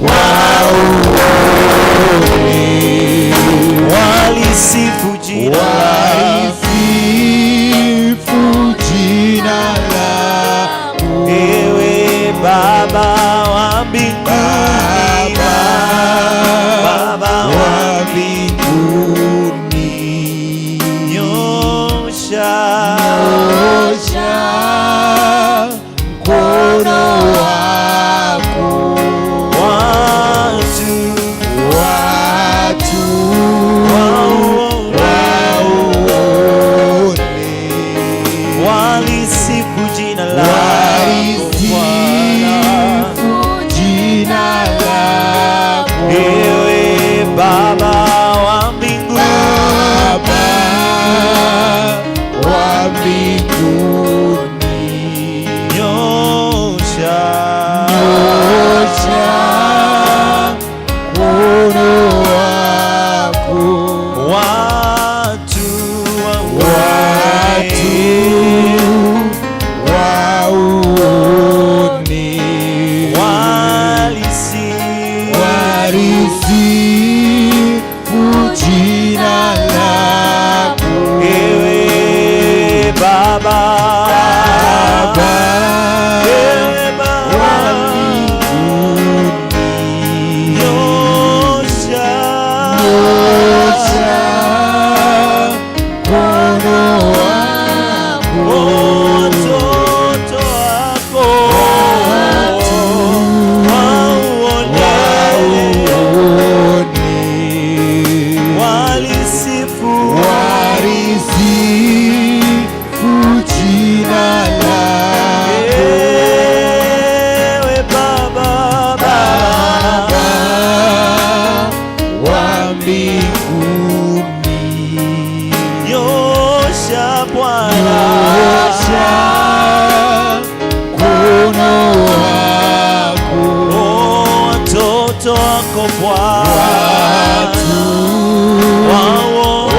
watu waumini walisifu jina la wewe Baba wa mbinguni kitoko kwa watu waoni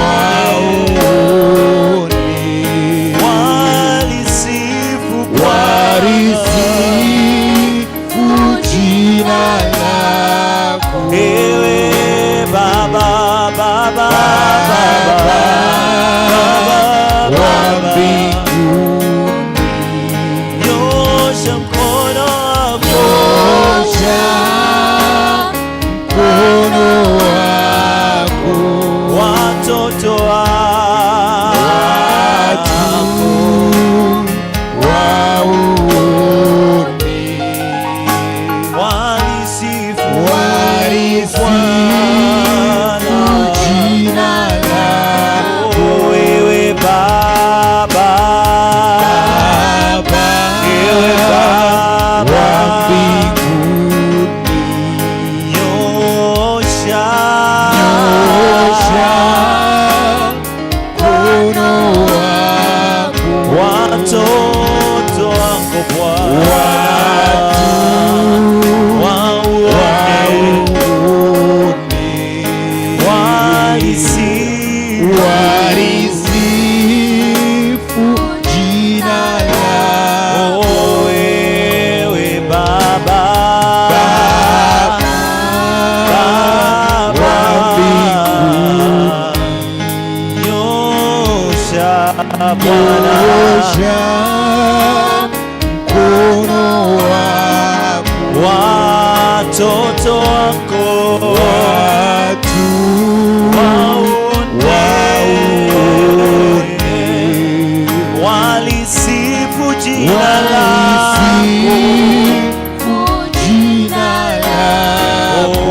walisifu warisifu jina lako ewe Baba Baba Baba Baba, Baba, Baba, Baba, Baba, Baba, Baba, Baba, Baba.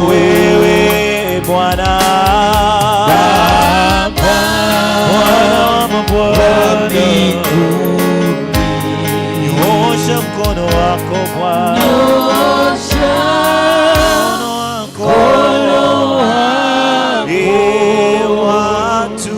wewe Bwana nyosha mkono wako Bwana ee watu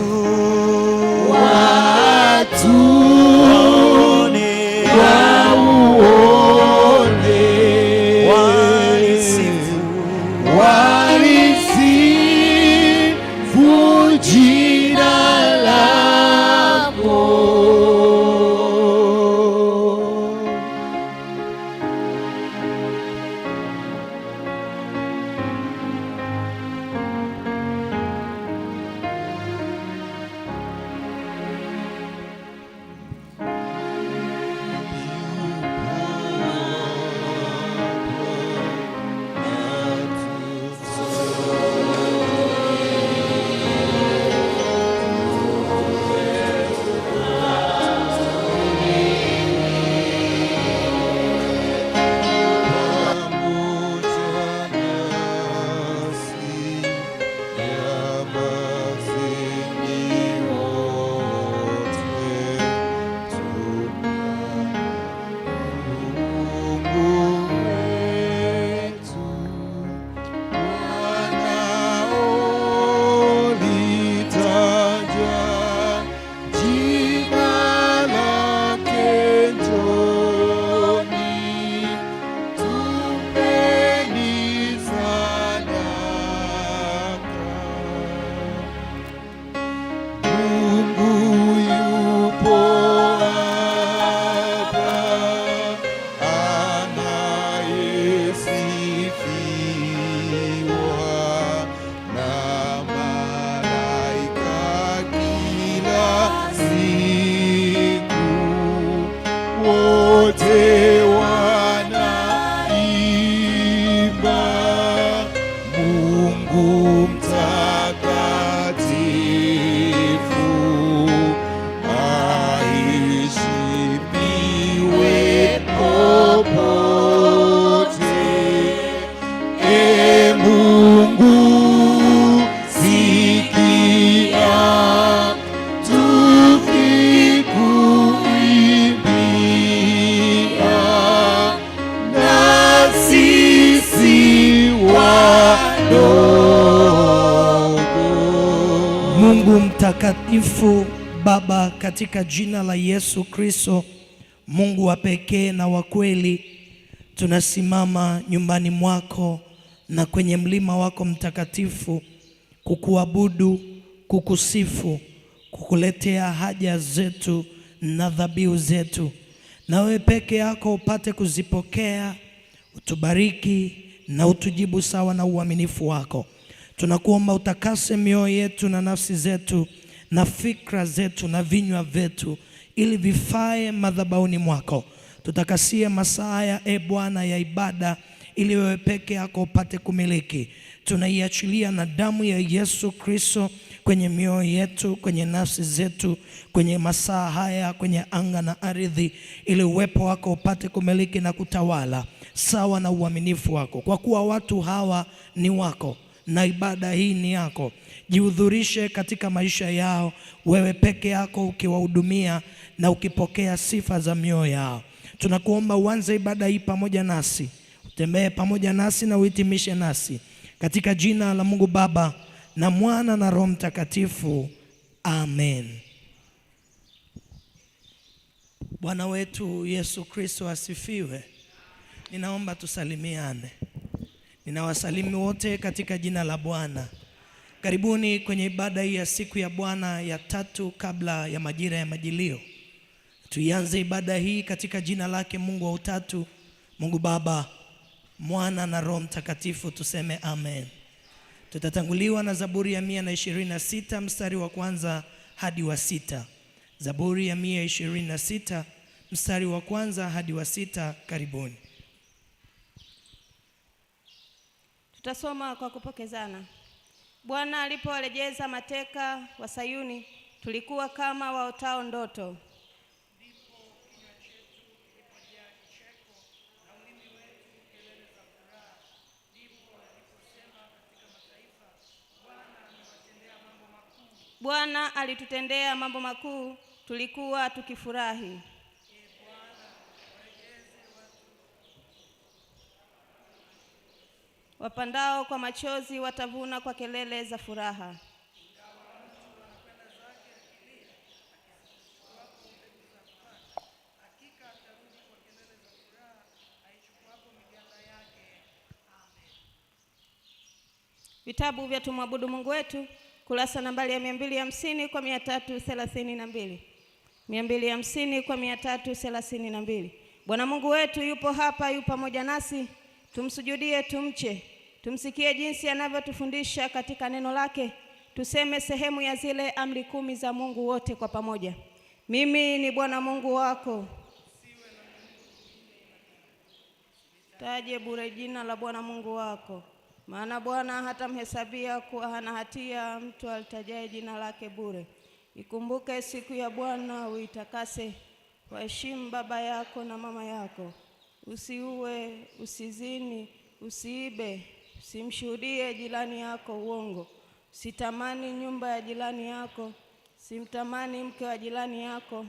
Mungu mtakatifu Baba, katika jina la Yesu Kristo, Mungu wa pekee na wa kweli, tunasimama nyumbani mwako na kwenye mlima wako mtakatifu kukuabudu, kukusifu, kukuletea haja zetu na dhabihu zetu, na wewe peke yako upate kuzipokea, utubariki na utujibu sawa na uaminifu wako. Tunakuomba utakase mioyo yetu na nafsi zetu na fikra zetu na vinywa vyetu ili vifae madhabahuni mwako. Tutakasie masaa ya e Bwana ya ibada ili wewe peke yako upate kumiliki. Tunaiachilia na damu ya Yesu Kristo kwenye mioyo yetu, kwenye nafsi zetu, kwenye masaa haya, kwenye anga na ardhi, ili uwepo wako upate kumiliki na kutawala sawa na uaminifu wako, kwa kuwa watu hawa ni wako na ibada hii ni yako. Jihudhurishe katika maisha yao, wewe peke yako ukiwahudumia na ukipokea sifa za mioyo yao. Tunakuomba uanze ibada hii pamoja nasi, utembee pamoja nasi na uhitimishe nasi, katika jina la Mungu Baba na Mwana na Roho Mtakatifu, amen. Bwana wetu Yesu Kristo asifiwe. Ninaomba tusalimiane. Ninawasalimu wote katika jina la Bwana. Karibuni kwenye ibada hii ya siku ya Bwana ya tatu kabla ya majira ya majilio. Tuianze ibada hii katika jina lake Mungu wa Utatu, Mungu Baba, Mwana na Roho Mtakatifu, tuseme amen. Tutatanguliwa na Zaburi ya mia na ishirini na sita mstari wa kwanza hadi wa sita. Zaburi ya mia ishirini na sita mstari wa kwanza hadi wa sita. Karibuni. Tutasoma kwa kupokezana. Bwana alipowarejeza mateka wa Sayuni, tulikuwa kama waotao ndoto. Bwana Bwana alitutendea mambo makuu, tulikuwa tukifurahi. Wapandao kwa machozi watavuna kwa kelele za furaha. Vitabu vya Tumwabudu Mungu Wetu, kurasa nambari ya 250 kwa 332, 250 mbili kwa 332. mbili Bwana Mungu wetu yupo hapa, yu pamoja nasi Tumsujudie, tumche, tumsikie jinsi anavyotufundisha katika neno lake, tuseme sehemu ya zile amri kumi za Mungu wote kwa pamoja. Mimi ni Bwana Mungu wako, taje bure jina la Bwana Mungu wako, maana Bwana hatamhesabia kuwa hana hatia mtu alitajaye jina lake bure. Ikumbuke siku ya Bwana uitakase, waheshimu baba yako na mama yako usiue, usizini, usiibe, simshuhudie jirani yako uongo, usitamani nyumba ya jirani yako, simtamani mke wa jirani yako